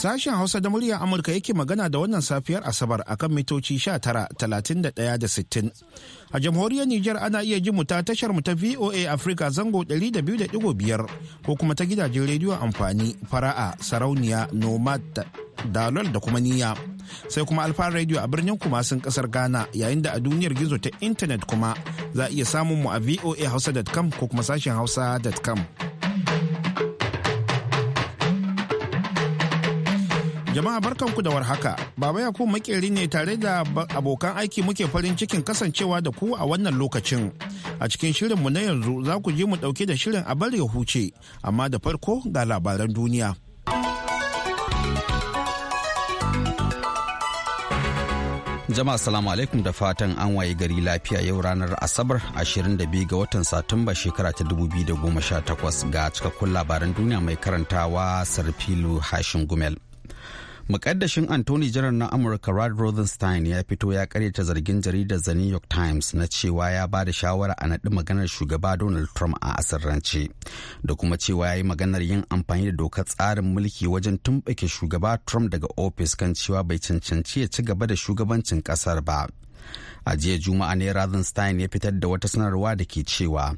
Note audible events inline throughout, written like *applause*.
Sashen Hausa da muryar Amurka yake magana da wannan safiyar Asabar akan mitoci talatin da sittin A jamhuriyar Nijar ana iya ji mu ta tashar mu ta VOA Africa zango 200.5 ko kuma ta gidajen rediyon amfani fara'a sarauniya nomad dalol da kuma niyya. Sai kuma alfa radio a birnin kumasin kasar Ghana yayin da a duniyar gizo ta intanet kuma za a iya samun mu a voahausa.com ko kuma sashen hausa.com. Jama'a barkanku da warhaka, Baba Yakubu makeri ne tare da abokan aiki muke farin cikin kasancewa da ku a wannan lokacin. A cikin shirinmu na yanzu za ku je mu ɗauke da shirin a bari ya huce, amma da farko ga labaran duniya. Jama'a salamu alaikum da fatan an waye gari lafiya yau ranar Asabar 22 ga watan Satumba shekara ta 2018 ga cikakkun labaran duniya mai karantawa Sarfilu Hashin Gumel. Mukaddashin Anthony Jiran na Amurka Rod Rosenstein ya fito ya karyata zargin jaridar The New York Times na cewa ya ba da shawara a naɗi maganar shugaba Donald Trump a asirrance da kuma cewa ya yi maganar yin amfani da dokar tsarin mulki wajen tumɓake shugaba Trump daga ofis kan cewa bai cancanci ya ci gaba da shugabancin ƙasar ba. a jiya juma'a ne Rosenstein ya fitar da wata sanarwa da ke cewa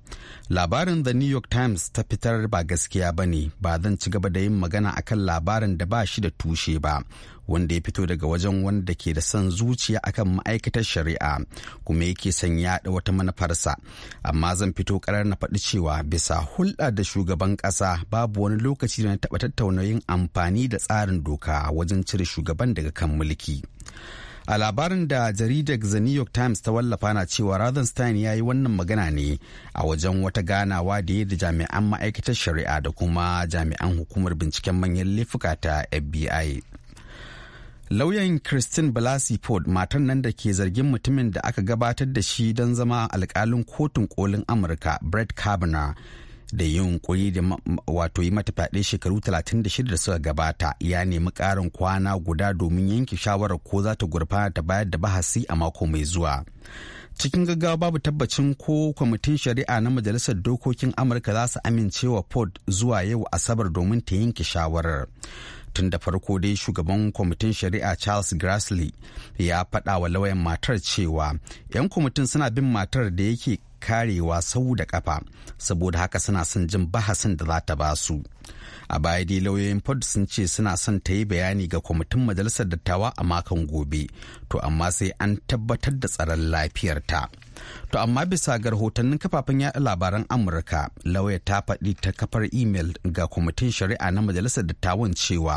labarin the new york times ta fitar ba gaskiya ba ne ba zan ci gaba da yin magana akan labarin da ba shi da tushe ba wanda ya fito daga wajen wanda ke da son zuciya akan ma'aikatar shari'a kuma yake son yaɗa wata manufarsa amma zan fito karar na faɗi cewa bisa hulɗa da shugaban ƙasa babu wani lokaci da na taɓa tattauna yin amfani da tsarin doka wajen cire shugaban daga kan mulki a labarin da jaridar the new york times ta wallafa na cewa rothenstein ya yi wannan magana ne a wajen wata ganawa da ya da jami'an ma'aikatar shari'a da kuma jami'an hukumar binciken manyan laifuka ta fbi lauyan christine blasey ford matan nan da ke zargin mutumin da aka gabatar da shi don zama alkalin kotun kolin amurka brett kavanaugh da kuri da wato yi mata fyaɗe shekaru 36 da suka gabata ya nemi ƙarin kwana guda domin yanke shawarar ko za ta gurfana ta bayar da bahasi a mako mai zuwa. cikin gaggawa babu tabbacin ko kwamitin shari'a na majalisar dokokin amurka za su amincewa ford zuwa yau asabar domin ta yanke shawarar tun da farko dai shugaban kwamitin shari'a charles grassley ya faɗa wa lauyan matar cewa 'yan kwamitin suna bin matar da yake karewa sau da kafa saboda haka suna son jin bahasin da za ta ba su a baya dai lauyoyin ford sun ce suna son ta yi bayani ga kwamitin majalisar dattawa a makon gobe to amma sai an tabbatar da tsaron lafiyarta to amma bisa ga rahotannin kafafen yaɗa labaran amurka lauya ta faɗi ta kafar imel ga kwamitin shari'a na majalisar dattawan cewa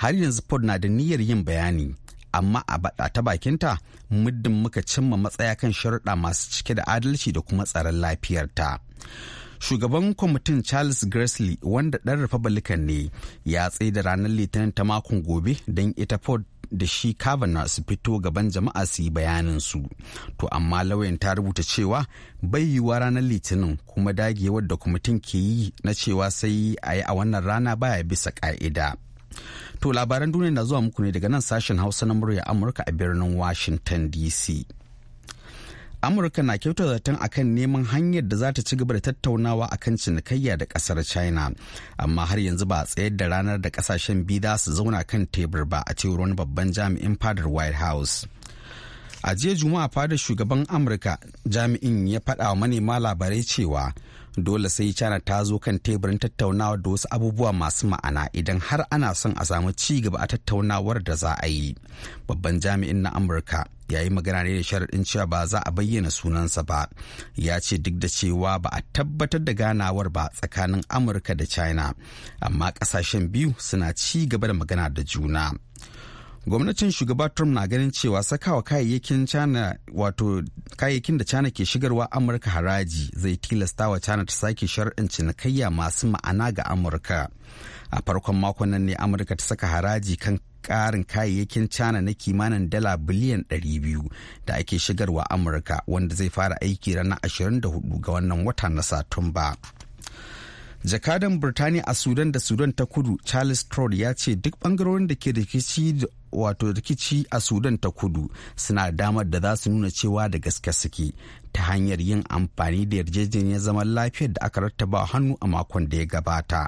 har yanzu ford na da niyyar yin bayani amma a ta bakinta muddin muka cimma matsaya kan sharuɗa masu cike da adalci da kuma tsaron lafiyarta. shugaban kwamitin charles gresley wanda ɗan republican ne ya da ranar litinin ta makon gobe don ita ford da shi kavanaugh su fito gaban jama'a su yi bayanin su to amma lauyan ta rubuta cewa bai yiwuwa ranar litinin kuma dagewar da kwamitin ke yi na cewa sai a yi a wannan rana baya bisa ka'ida To labaran duniya na zuwa muku ne daga nan sashen Hausa na murya Amurka a birnin Washington DC. Amurka na kyauta zaton akan neman hanyar da za ta ci gaba da tattaunawa a kan cinikayya da kasar China, amma har yanzu ba a tsayar da ranar da kasashen biyu za su zauna kan tebur ba a cewar wani babban jami'in fadar White House. A jiya Juma'a fadar shugaban Amurka jami'in ya faɗa wa manema labarai cewa dole sai china ta zo kan teburin tattaunawa da wasu abubuwa masu ma'ana idan har ana son a samu ci gaba a tattaunawar da za a yi babban jami'in na amurka ya yi magana ne da sharaɗin cewa ba za a bayyana sunansa ba ya ce duk da cewa ba a tabbatar da ganawar ba tsakanin amurka da china amma ƙasashen biyu suna ci gaba da magana da juna. gwamnatin shugaba trump na ganin cewa sakawa kayayyakin china wato kayayyakin da china ke shigarwa amurka haraji zai tilasta wa china ta sake shar'in cinikayya masu ma'ana ga amurka a farkon makon nan ne amurka ta saka haraji kan karin kayayyakin china na kimanin dala biliyan 200 da ake shigarwa amurka wanda zai fara aiki ranar 24 ga wannan wata na satumba jakadan birtaniya a sudan da sudan ta kudu charles Troll ya ce duk bangarorin da ke rikici wato rikici a sudan ta kudu suna damar da za su nuna cewa da gaske suke ta hanyar yin amfani da yarjejeniyar zaman lafiyar da aka rattaba hannu a makon da ya gabata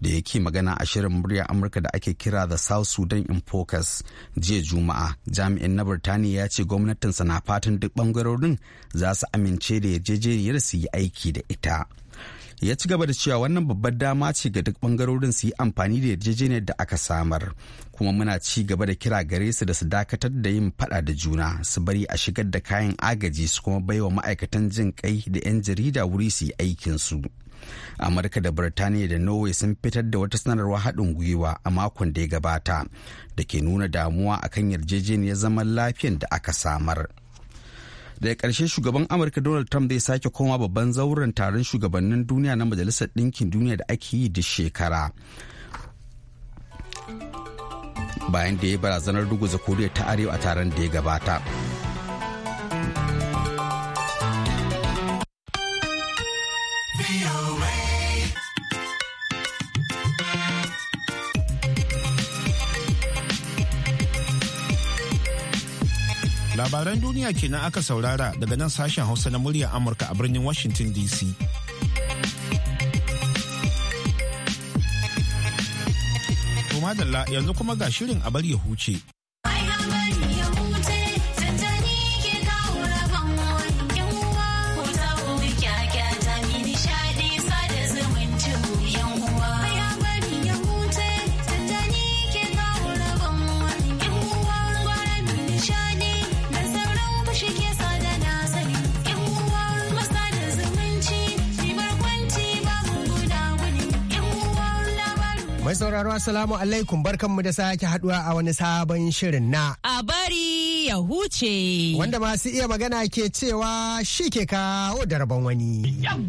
da yake magana a shirin murya amurka da ake kira the south sudan in focus jiya juma'a jami'in na birtaniya ya ce gwamnatinsa na fatan duk bangarorin za su amince da yarjejeniyar su yi aiki da ita ya ci gaba da cewa wannan babbar dama ce ga duk bangarorin su yi amfani da yarjejeniyar da aka samar kuma muna ci gaba da kira gare su da su dakatar da yin fada da juna su bari a shigar da kayan agaji su kuma baiwa ma'aikatan jin kai da 'yan jarida wuri su yi aikin su amurka da birtaniya da norway sun fitar da wata sanarwar haɗin gwiwa a makon da ya gabata da ke nuna damuwa akan yarjejeniyar zaman lafiyan da aka samar. daga ƙarshe shugaban amurka donald trump zai sake koma babban zauren taron shugabannin duniya na majalisar ɗinkin duniya da ake yi da shekara bayan da ya barazanar ruguza koriya ta arewa a taron da ya gabata labaran duniya kenan aka saurara daga nan sashen hausa na muryar amurka a birnin washington dc madalla yanzu kuma ga shirin a bar ya huce Mai sauraro asalamu alaikum barkanmu da sake haduwa a wani sabon shirin na. A bari ya huce. Wanda masu iya magana ke cewa shi ke kawo darban wani. Yau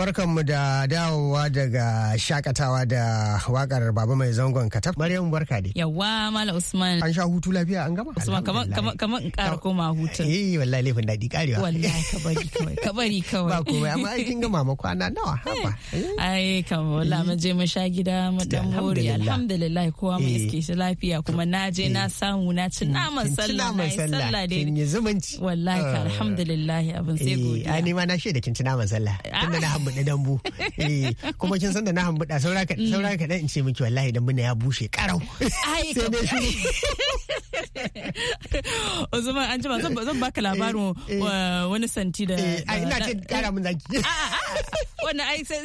barkanmu da dawowa daga shakatawa da wakar baba mai zangon katab. Maryam barka dai. Yawwa Mala Usman. An sha hutu lafiya an gama. Usman kamar kamar in ƙara koma hutun. Eh wallahi laifin daɗi karewa. Wallahi ka bari kawai ka bari *laughs* kawai. Ba komai amma ai kin gama ma kwana nawa eh, haba. Eh. Ai kamar wallahi mun je mu sha gida mu dan more alhamdulillah kowa mu eh. iske shi lafiya kuma na je na samu na ci mm, naman sallah na sallah dai. Kin yi zumunci. Wallahi ka ah. alhamdulillah abin sai godiya. Ai ni ma na da kin ci naman sallah. Tunda na ah. hambuɗe dambu *laughs* eh, kuma kin san da na hambuɗa saura ka mm. saura ka in ce miki wallahi dambu na ya bushe karau sai ne shi *laughs* Usman an jima zan zan baka labarin eh, eh. wani santi da a ina ce kara mun zaki *laughs* ah, ah, ah. wannan ai sai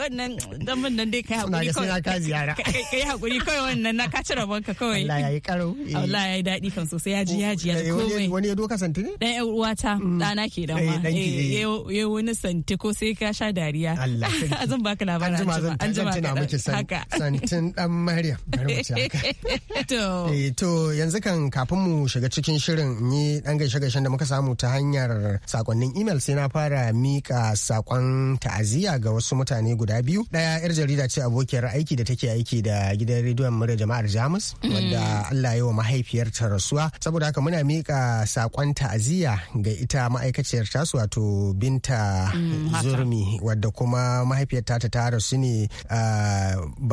wannan dambun nan dai kai hakuri kai ka ziyara kai hakuri kawai wannan na ka cire banka kawai Allah yayi karau Allah yayi daɗi kan sosai ya ji ya ji komai wani ya doka santi ne dan uwata dana mm. ke dan ma yayi wani santi ko sai ka sha dariya *laughs* zan baka labarin an Anjima zan tuna miki santin dan maryam *laughs* eh, to yanzu kan kafin mu shiga cikin shirin ni dan gaishe gaishen da muka samu ta hanyar sakonnin email sai na fara mika sakon ta'aziyya ga wasu mutane guda biyu daya yar jarida ce abokiyar aiki da take aiki da gidan rediyon murya jama'ar jamus mm. wanda Allah ya wa mahaifiyarta rasuwa saboda haka muna mika sakon ta'aziyya ga ita ma'aikaciyar tasu wato binta mm, zurmi wadda kuma mahaifiyar ta ta rasu ne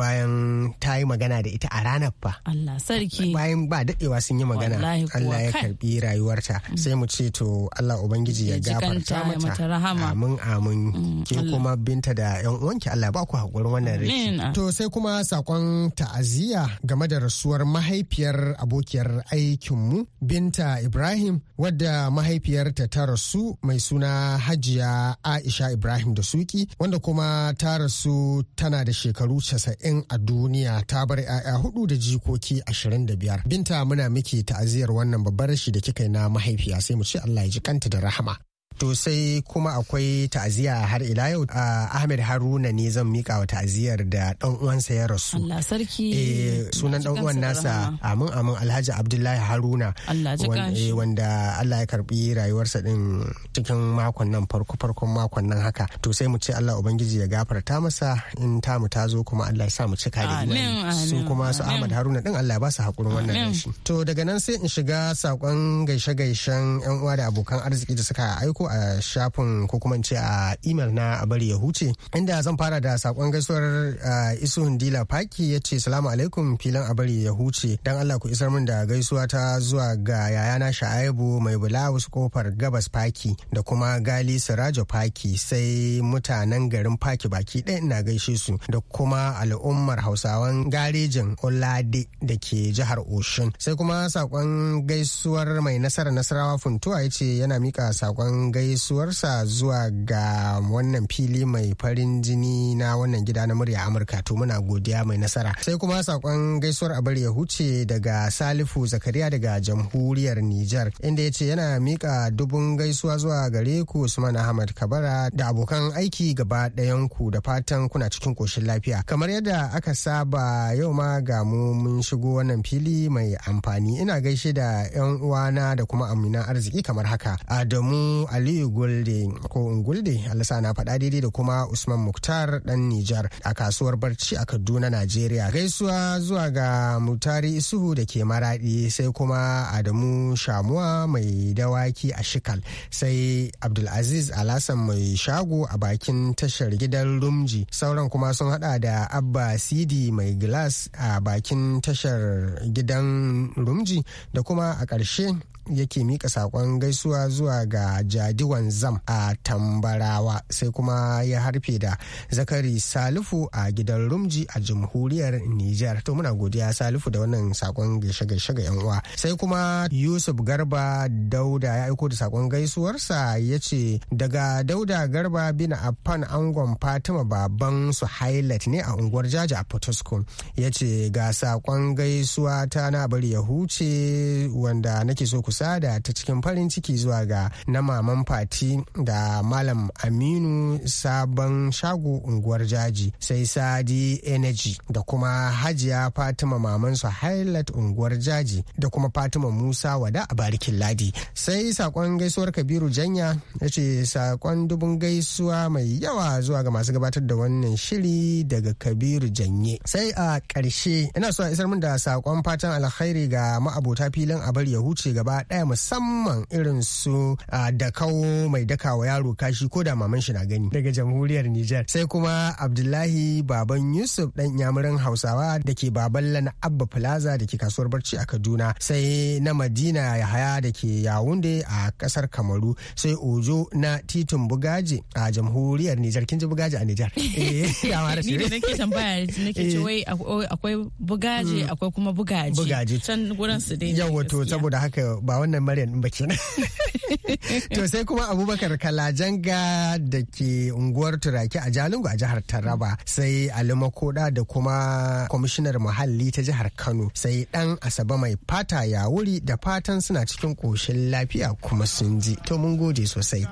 bayan ta yi magana da ita a ranar fa Allah sarki bayan ba daɗewa sun yi magana Allah ya karbi rayuwarta mm. sai mu ce to Allah ubangiji ya gafarta mata amin amin mm, ke kuma binta da yan uwanki Allah ba ku hakurin wannan rashi to sai kuma sakon ta'aziyya game da rasuwar mahaifiyar abokiyar aikinmu binta Ibrahim wadda mahaifiyarta ta rasu mai suna Hajiya Aisha Ibrahim da su ciki wanda kuma ta rasu tana da shekaru 90 a duniya ta bar 'ya'ya hudu da jikoki 25. Binta muna miki ta'aziyar wannan babbar shi da kika yi na mahaifiya sai mu ce Allah ya ji kanta da rahama. To sai kuma akwai ta'aziyya har ila yau Ahmed Haruna ne zan mika wa ta'aziyyar da dan uwansa ya rasu. Allah sarki. Eh sunan dan uwan nasa Amin Amin Alhaji Abdullahi Haruna. Allah eh, wanda Allah ya karbi rayuwarsa din cikin makon nan farko farkon makon nan haka. To sai mu ce Allah ubangiji ya gafarta masa in ta mu ta zo kuma Allah ya sa mu cika da imani. Su kuma su Ahmed Haruna din Allah ya ba su hakurin wannan shi. To daga nan sai in shiga sakon gaishe-gaishen yan uwa da abokan arziki da suka aiko a shafin ko kuma ce a imel na a bari ya huce inda zan fara da sakon gaisuwar isu hundila faki ya ce salamu alaikum filan a bari ya huce dan allah ku isar min da gaisuwa ta zuwa ga yayana sha'aibu mai wasu kofar gabas faki da kuma gali sirajo faki sai mutanen garin faki baki ɗaya ina gaishe su da kuma al'ummar hausawan garejin olade da ke jihar oshun sai kuma sakon gaisuwar mai nasara nasarawa funtuwa ya ce yana mika sakon gaisuwarsa zuwa ga wannan fili mai farin jini na wannan gida na murya Amurka to muna godiya mai nasara. Sai kuma sakon gaisuwar abar ya huce daga Salifu Zakariya daga jamhuriyar Niger. inda ya ce yana mika dubun gaisuwa zuwa gare ku Usman Ahmad Kabara da abokan aiki gaba ɗayan ku da fatan kuna cikin koshin lafiya. Kamar yadda aka saba yau ma ga mu mun shigo wannan fili mai amfani ina gaishe da 'yan uwana da kuma amina arziki kamar haka. Adamu Ali Aliyu Gulde ko Ungulde Allah na faɗa daidai da kuma Usman Muktar dan Nijar a kasuwar Barci a Kaduna Najeriya. Gaisuwa zuwa ga Mutari Isuhu da ke Maradi sai kuma Adamu Shamuwa mai dawaki a Shikal sai Abdulaziz Alasan mai shago a bakin tashar gidan Rumji sauran kuma sun hada da Abba Sidi mai glass a bakin tashar gidan Rumji da kuma a ƙarshe yake mika sakon gaisuwa zuwa ga jadi zam a tambarawa sai kuma ya harfe da zakari salifu a gidan rumji a jamhuriyar niger to muna godiya salifu da wannan sakon gaishe-gaishe ga yan uwa sai kuma yusuf garba dauda ya aiko da sakon gaisuwarsa ya ce daga dauda garba bin affan angon fatima baban su highlight ne a unguwar jaji a potosko ya ce ga sakon gaisuwa ta na bari ya huce wanda nake so ku sada da ta cikin farin ciki zuwa ga na maman fati da malam aminu sabon shago unguwar jaji sai sadi energy da kuma hajiya fatima mamansu highlight unguwar jaji da kuma fatima musa wada a barikin ladi sai sakon gaisuwar kabiru janya ya ce sakon dubun gaisuwa mai yawa zuwa ga masu gabatar da wannan shiri daga kabiru janye sai a ƙarshe ina so a isar min da sakon fatan alkhairi ga ma'abota filin abar ya huce gaba ɗaya musamman irin su da kawo mai dakawa yaro kashi ko da maman shi na gani daga jamhuriyar Nijar. Sai kuma Abdullahi Baban Yusuf ɗan yamurin Hausawa da ke Baballa na Abba Plaza da ke kasuwar Barci a Kaduna. Sai na Madina Yahaya da ke Yawunde a ƙasar Kamaru. Sai Ojo na Titin Bugaje a jamhuriyar Nijar. Kin ji Bugaje a Nijar? *laughs* Eh, Ni da nake tambaya nake ce wai eh. akwai Bugaje mm. akwai kuma Bugaje. Bugaji. Can gurin su dai. yawa to saboda haka ba wannan maryam ɗin ba ke *laughs* to sai kuma abubakar kalajanga da ke unguwar turaki a jalingo a jihar taraba sai alima koda da kuma kwamishinar muhalli ta jihar kano sai dan asaba mai fata ya wuri da fatan suna cikin koshin lafiya kuma sun ji to mun gode sosai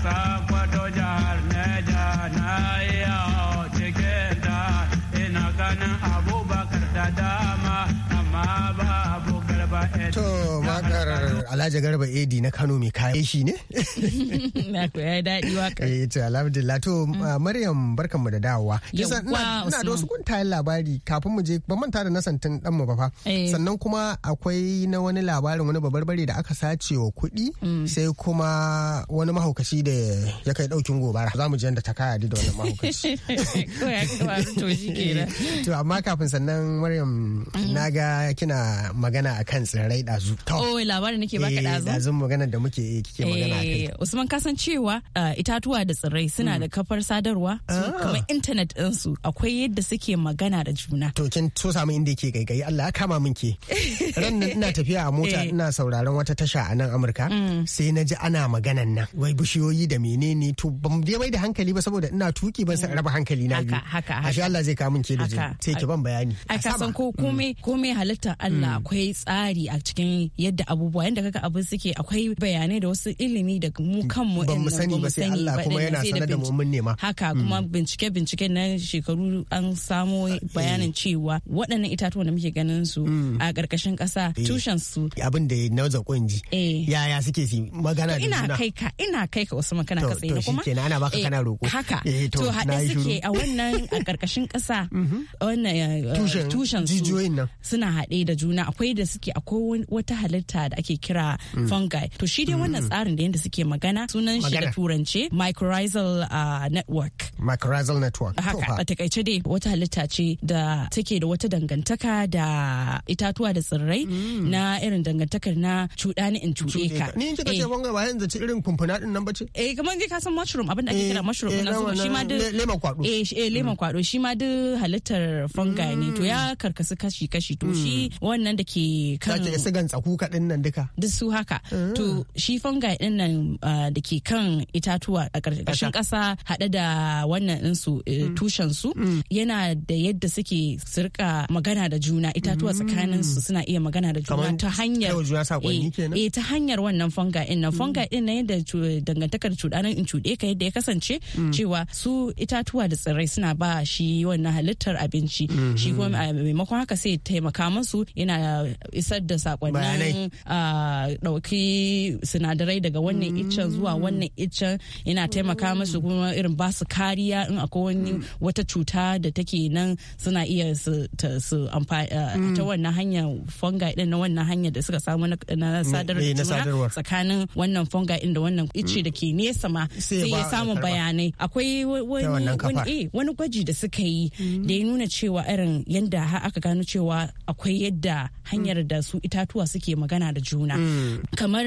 Stop. Alhaji Garba Edi na Kano mai kayan shi ne? *laughs* Na ko ya daɗi waka. Eh to alhamdulillah to mm. uh, Maryam barkanmu da dawowa. Kisa ina da wasu kuntayen labari kafin mu je ban manta da na tun dan mu ba fa. Eh. Sannan kuma akwai na wani labarin wani babarbare da aka sace wa kuɗi mm. sai kuma wani mahaukaci da ya kai ɗaukin gobara. Za mu je da takaya da wannan mahaukaci. *laughs* *laughs* To amma kafin sannan Maryam mm. na ga kina magana akan tsirrai ɗazu. Oh labarin nake eh, baka ka eh, dazu dazun magana da muke yi kike magana eh, kai Usman ka san cewa eh, itatuwa da tsirrai suna hmm. da kafar sadarwa ah. kamar internet din su akwai yadda suke magana da juna to kin so samu inda yake gaigayi Allah ya kama min ke *laughs* ran ina tafiya a mota ina sauraron wata tasha a nan Amurka hmm. sai na ji ana maganan nan wai bishiyoyi da menene to ban je mai da hankali ba saboda ina tuki ban san hmm. raba hankali na biyu haka haka Allah zai kama min ke da juna sai ki ban bayani a ka san ko komai komai halitta Allah akwai tsari a cikin yadda abubuwa yadda kaga Abu abin suke akwai bayanai da wasu ilimi da mu kanmu ba mu sani ba sai Allah kuma yana sanar da mu mun nema haka mm. kuma bincike bincike na shekaru an samo eh. bayanin cewa waɗannan itatuwan da muke ganin su mm. a ƙarƙashin ƙasa eh. tushen su abin da na zakon ji eh. yaya suke si magana da ina kai ka ina kai ka wasu makana ka tsaye kuma to ana baka kana roko haka to haɗe suke a wannan a ƙarƙashin ƙasa *laughs* mm-hmm. wannan tushen su nan suna haɗe da juna akwai da suke akwai wata halitta da ake kira da mm. fungi to shi dai wannan mm. tsarin da yadda suke magana sunan shi da turance mycorrhizal uh, network mycorrhizal network haka a takaice dai wata halitta ce da take da wata dangantaka da itatuwa da tsirrai mm. na irin dangantakar na cuɗa ni in cuɗe ka ni in kika ce fungi eh. ba yanzu ci irin kumfuna din nan bace eh kamar dai ka san mushroom abin da ake kira eh, mushroom eh, na shi ma duk leman kwado eh leman kwado shi ma duk halittar fungi ne to ya karkasu kashi kashi to shi wannan da ke kan sake sigan tsakuka din nan duka duk su haka ah. to shi fungi din nan ah, da ke kan itatuwa a ƙarƙashin ƙasa haɗe da wannan ɗinsu eh, mm. tushen su mm. yana da yadda suke sirka magana da juna itatuwa mm. tsakanin su suna iya magana da juna ta hanyar eh, eh ta hanyar wannan fungi din nan fungi din nan yadda dangantakar cuɗanan in cuɗe ka yadda ya kasance cewa su itatuwa da tsirrai suna ba shi wannan halittar abinci mm-hmm. shi kuma ah, maimakon haka sai taimaka musu yana isar da sakonnin a ɗauki sinadarai daga wannan iccen zuwa wannan iccen yana taimaka musu kuma irin ba su kariya in akwai wani wata cuta da take nan suna iya su ta eh, mm. wannan hanyar fungi din na wannan hanyar da suka samu na mm, sadarwa eh, tsakanin wannan fungi din da wannan icce mm. da ke nesa ma sai ya samu bayanai akwai eh, wani gwaji da suka yi da ya nuna cewa irin yadda aka gano cewa akwai yadda hanyar da su itatuwa suke magana da juna kamar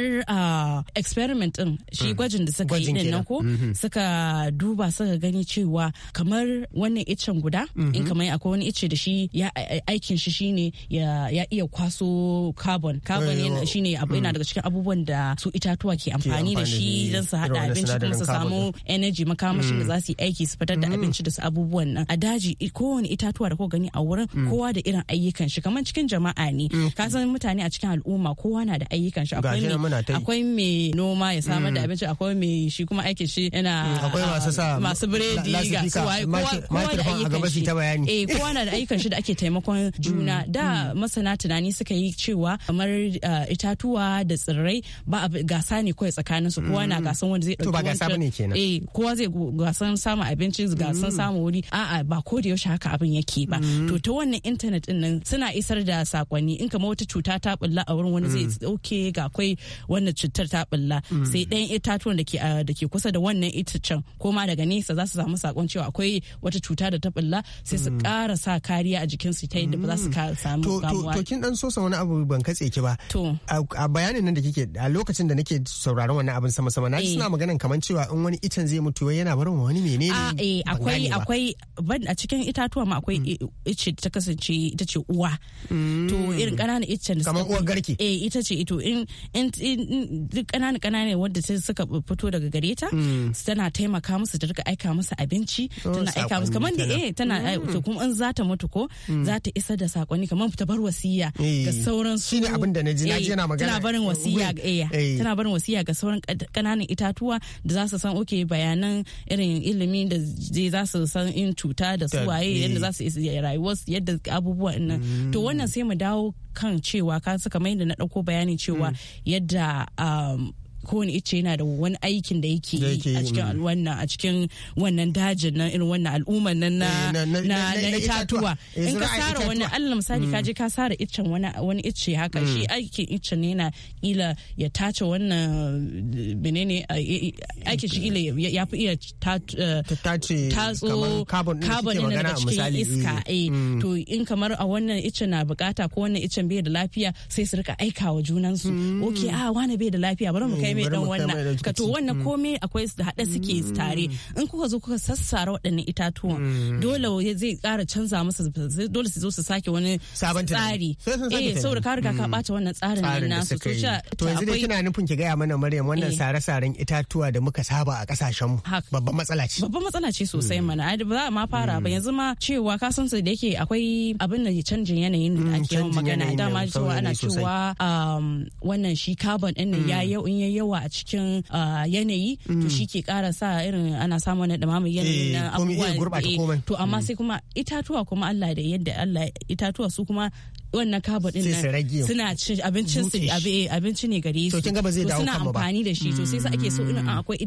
experiment din shi mm. gwajin da suka yi din nako ko mm-hmm. suka duba suka gani cewa kamar wannan icen guda in mm-hmm. kamar akwai wani ice da shi ya aikin shi shine ya iya kwaso carbon carbon yana shine abu yana mm. daga cikin abubuwan da su itatuwa ke amfani da shi don su hada abinci kuma su samu energy makamashin da mm. za su yi aiki su fitar da abinci da su abubuwan nan a daji kowane itatuwa da ko gani a wurin kowa da irin ayyukan shi kamar cikin jama'a ne ka san mutane a cikin al'umma kowa na da ayyukan harkan shi akwai mai noma ya samar da mm. abinci akwai mai shi kuma aikin shi yana akwai masu sa ah, masu biredi ga su kowa da ayyukan shi eh kowa na da ayyukan shi da ake taimakon *laughs* mm, juna da mm. masana tunani suka yi cewa kamar ah, itatuwa da tsirrai ba gasa ne kawai tsakanin su kowa na gasan wanda zai dauki gasa eh kowa zai gasan samun abinci gasan samun wuri a'a ba ko da yaushe haka abin yake ba to ta wannan internet din nan suna isar da sakonni in kamar wata cuta ta bulla a wurin wani zai dauke ga akwai wannan cutar ta bulla mm. sai ɗayan itatuwan da ke ah, da ke kusa da wannan itacen ko ma daga nesa za su samu sakon cewa akwai wata cuta da ta bulla sai su mm. ƙara sa kariya a jikin su ta yadda ba za su mm. samu kamuwa to kin dan so wani abu ban katse ki ba a bayanin nan da kike a lokacin da nake sauraron wannan abin sama sama na ji eh. suna maganan kaman cewa in wani itan zai mutu yana barin wani menene ah, eh, akwai akwai a cikin itatuwa ma akwai ice ta kasance ita ce uwa to irin ƙananan itacen da kamar uwar garki eh ita ce ito in cikin ƙananan wadda wanda suka fito daga gare ta hmm. tana taimaka musu ta rika aika musu abinci oh, tana aika musu kamar da eh tana eh, hmm. to kuma in za ta mutu ko hmm. za ta isa da sakonni kamar ta bar wasiya ga eh. sauran su shine abin da na ji yana eh, magana tana barin wasiya eh tana barin wasiya ga sauran ƙananan itatuwa da za su san oke bayanan irin ilimi da za su san in cuta da su waye yadda za su rayuwarsu yadda abubuwan nan to wannan sai mu dawo kan cewa ka suka mai da na dauko bayani cewa cewa mm. yadda um, kowane ice yana da wani aikin da yake yi a cikin wannan a cikin wannan dajin nan irin wannan al'umman nan na eh, na itatuwa eh, in ka sara wani allah misali ka mm. je ka sara icen wani wani ice haka shi mm. aikin icen ne yana kila ya tace wannan menene aikin shi kila ya fi iya eh, tace tatso carbon din daga cikin iska mm. eh to in kamar a wannan icen na bukata ko wannan icen bai da lafiya sai su rika aikawa junansu okay a ah, wani bai da lafiya bari mu kai mai dan wannan ka to wannan mm. komai akwai hada suke tare mm. in kuka zo kuka sassara waɗannan itatuwan mm. dole zai ƙara canza masa dole su zo su sake wani tsari eh saboda ka riga ka ɓata wannan tsarin nan nasu to sha to yanzu dai kina nufin ki gaya mana Maryam wannan eh. sare-saren itatuwa da muka saba a kasashen mu babban matsala ce babban matsala ce sosai mana ai ba ma fara ba yanzu ma cewa ka san su da yake akwai abin da canjin yanayin da ake yawan magana dama cewa ana cewa um, wannan shi carbon din ya ya yau in yayi yawa a cikin uh, yanayi to mm. shi ke kara sa irin ana samun eh, na dumamar yanayi na abubuwa eh, to amma mm. sai kuma itatuwa kuma Allah da yadda Allah itatuwa su kuma wannan carbon din suna cin abincin su abinci ne gare su to suna amfani da shi to sai sa ake so in mm. akwai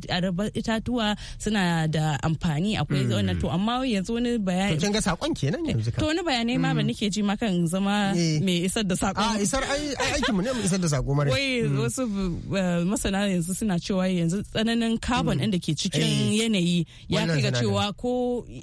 itatuwa suna da amfani akwai mm. wannan to amma yanzu wani bayani to kin ga sakon kenan yanzu to wani bayanai ma ba mm. nake ji ma kan zama eh. mai isar da sako a ah, isar ai aikin mu ne mu isar da sako mare wai wasu eh, masana yanzu suna cewa yanzu tsananin carbon din da ke cikin eh. yanayi ya kai ga cewa ko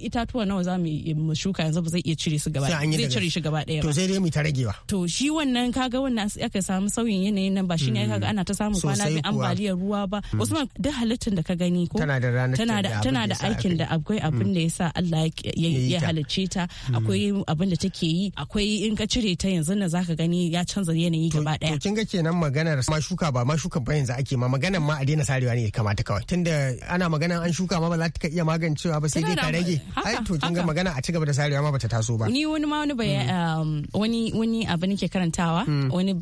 itatuwa nawa za mu shuka yanzu ba zai iya cire su gaba zai cire shi gaba ba. to sai dai mu tare ragewa to shi wannan kaga wannan aka samu sauyin yanayin nan ba shi ne mm. kaga ana ta samu kwana mai ambaliyar ruwa ba mm. Usman duk halittar da ka gani ko tana da ranar tana da aikin da akwai mm. abin da yasa Allah ya halicce ta akwai abin da take yi akwai in ka cire ta yanzu na zaka gani ya canza yanayi gaba daya to kin ga kenan maganar ma shuka ba ma shuka ba yanzu ake ma maganar ma a daina sarewa ne kamata kawai tunda ana maganar an shuka ma ba za ta iya magancewa ba sai dai ka rage ai to kin ga magana a cigaba da sarewa ma bata taso ba ni wani ma wani um, wani wani abu nake karantawa hmm. wani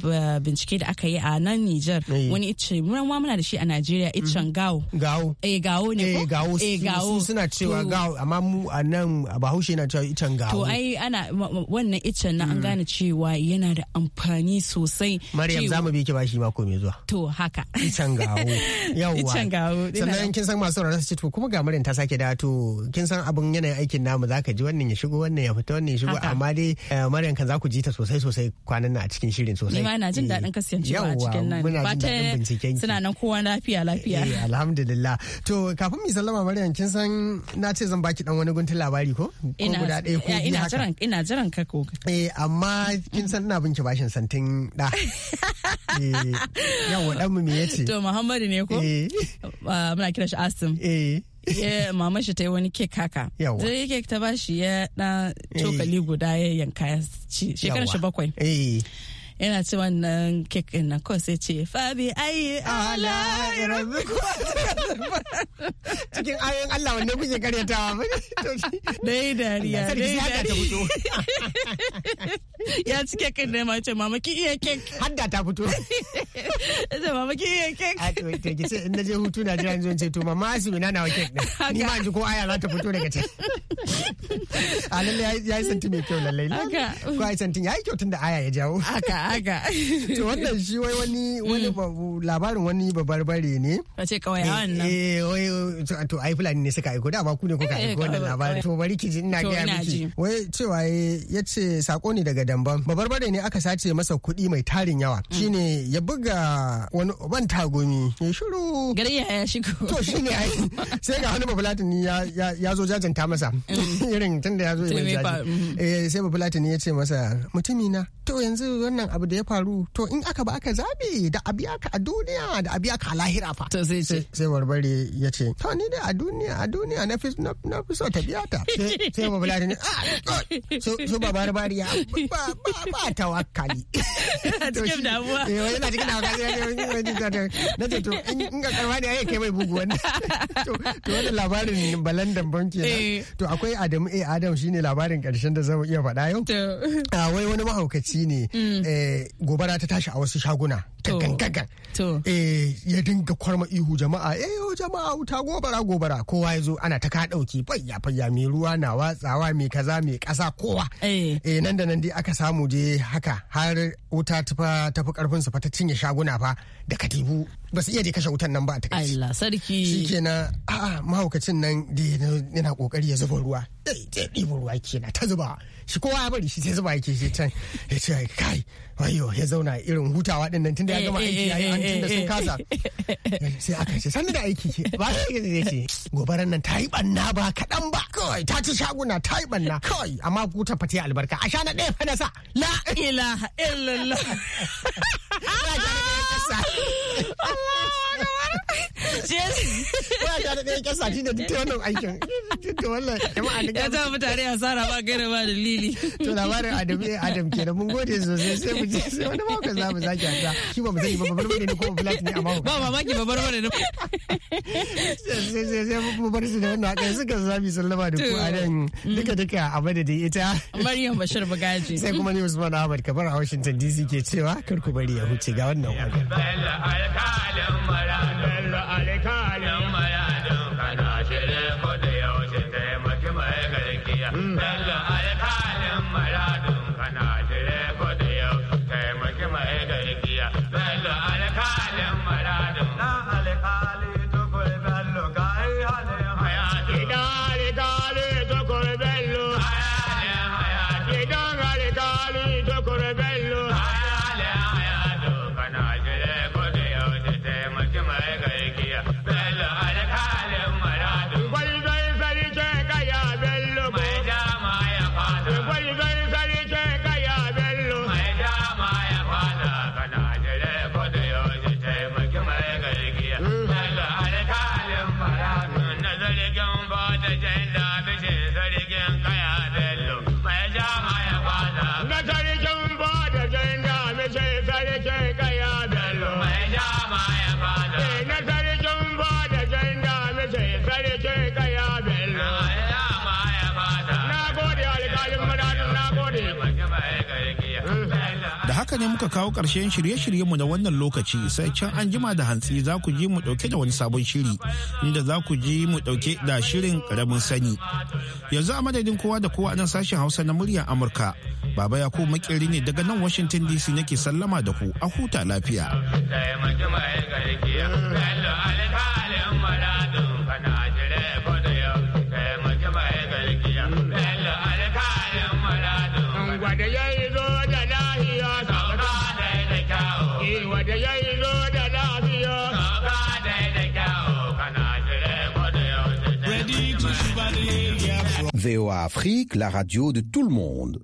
bincike da aka yi a nan Nijar eh. wani ice muna ma muna da shi a Najeriya hmm. icen gawo. Gawo. Eh gawo ne ko? Eh gawo. Eh gawo. Suna cewa gawo amma mu a nan a Bahaushe na cewa icen gawo. To ai ana wannan icen na an hmm. gane cewa yana da amfani sosai. Maryam zamu bi ki bashi mako mai zuwa. To haka. Icen gawo. *laughs* yawa Icen gawo. Sannan kin san masu rana ce to kuma ga Maryam ta sake da to kin san abun yanayin aikin namu zaka ji wannan ya shigo wannan ya fita wannan ya shigo amma dai eh, Maryam kan za ku ji ta sosai sosai kwanan na a cikin shirin sosai. Nima na jin daɗin eh, kasancewa a cikin nan. Yawwa muna jin daɗin binciken Suna nan kowa lafiya lafiya. Eh alhamdulillah. To kafin mu sallama Maryam kin san na ce zan baki dan wani guntun labari ko? Ina guda ɗaya ko ina jiran ina jiran ka ko. Eh amma kin san ina binki bashin santin da. *laughs* Eh yawwa dan mu me yace? To Muhammadu ne ko? Eh ah, muna kira shi Asim. Eh mama shi ta yi wani kek haka zai yi kek ta bashi ya dan eh. cokali guda ya yanka ya ci shekarar shi bakwai eh. yana ci wannan kek na nan sai ce fabi ayi ala ko cikin ayoyin Allah wanne kuke karyatawa ba dai dariya dai dariya ya ci kek din ma ce mama ki iya kek hadda ta fito ce mama ki iya kek a to ita ki ce in na je hutu na jira zan ce to mama asimi na nawa kek din ni ma ji ko aya za ta fito daga can a lalle ya yi santi mai kyau lallai ko ya yi santi ya yi kyau tun da aya ya jawo haka aga to wannan shi wai wani wani mm. labarin wani babarbare ne a ce kawai a wannan eh, eh wai to ai fulani ne suka aiko da ba ku ne kuka eh, aiko wannan labarin to bari ki ji ina ga miki wai cewa eh, yace sako ne daga damban babarbare ne aka sace masa kuɗi mai tarin yawa mm. shine ya buga wani ban tagomi ya shiru gari ya shigo to shine ai *laughs* sai ga wani bafulatani ya zo jajanta masa mm. *laughs* irin tunda ya zo ya jajanta sai bafulatani ya ce masa mutumi na to yanzu wannan abu da ya faru to in aka ba aka zabi da abiya ka a duniya da abiya ka a lahira fa to sai ce sai barbare ya ce to ni dai a duniya a duniya na fi na fi so ta biya ta sai barbare ne a ah, so so ba barbare ya ba ba ba tawakkali *laughs* eh, cikin damuwa eh wani na cikin ne na ce to in ga karwa ne ai kai mai bugu wannan *laughs* to wannan labarin balandan banki eh. to akwai Adamu eh Adam shine labarin karshen da zamu iya faɗa yau ah, wai wani mahaukaci ne mm. eh, Eh, gobara ta tashi a wasu shaguna gagan eh ya dinga kwarma ihu jama'a eh oh, jama'a wuta gobara gobara kowa ya zo ana ta ka dauki bayya fayya mai ruwa na watsawa mai kaza mai kasa kowa eh. eh nan da nan dai aka samu je haka har wuta ta fi karfin su fa ta cinye shaguna fa da katibu ba su iya da kashe wutan nan ba ta kai Allah sarki shikenan a'a mahaukacin nan da yana kokari ya zuba ruwa sai eh, ɗibo ruwa kenan ta zuba shi kowa ya bari shi sai zuba yake shi can ya ce kai wayo ya zauna irin hutawa din nan tunda ya gama eh, aiki ya yi eh, tunda sun kasa sai aka ce sannu da aiki ke ba shi zai ce gobaran nan ta yi banna ba kaɗan ba kawai ta ci shaguna ta yi banna kawai amma ku ta fate albarka a sha na ɗaya fa na sa la ilaha illallah *laughs* *laughs* alive. Ba ta da ɗaya kyasa shi da wannan aikin. da Ya ta a sara ba gaira ne ko flat ne a mako. bar da wannan haka da ku mm. a kuma Usman Ahmad kabar a Washington DC ke cewa kar ku bari ya huce ga wannan. Bella Kali, Kali. Yeah. haka ne muka kawo ƙarshen shirye-shiryenmu na wannan lokaci sai can an jima da hantsi za ku ji mu ɗauke da wani sabon shiri inda za ku ji mu ɗauke da shirin ƙaramin sani. Yanzu a madadin kowa da kowa a nan sashen Hausa na muryar Amurka. Baba ya ko makeri ne daga nan Washington DC nake sallama da ku a huta lafiya. VOA Afrique, la radio de tout le monde.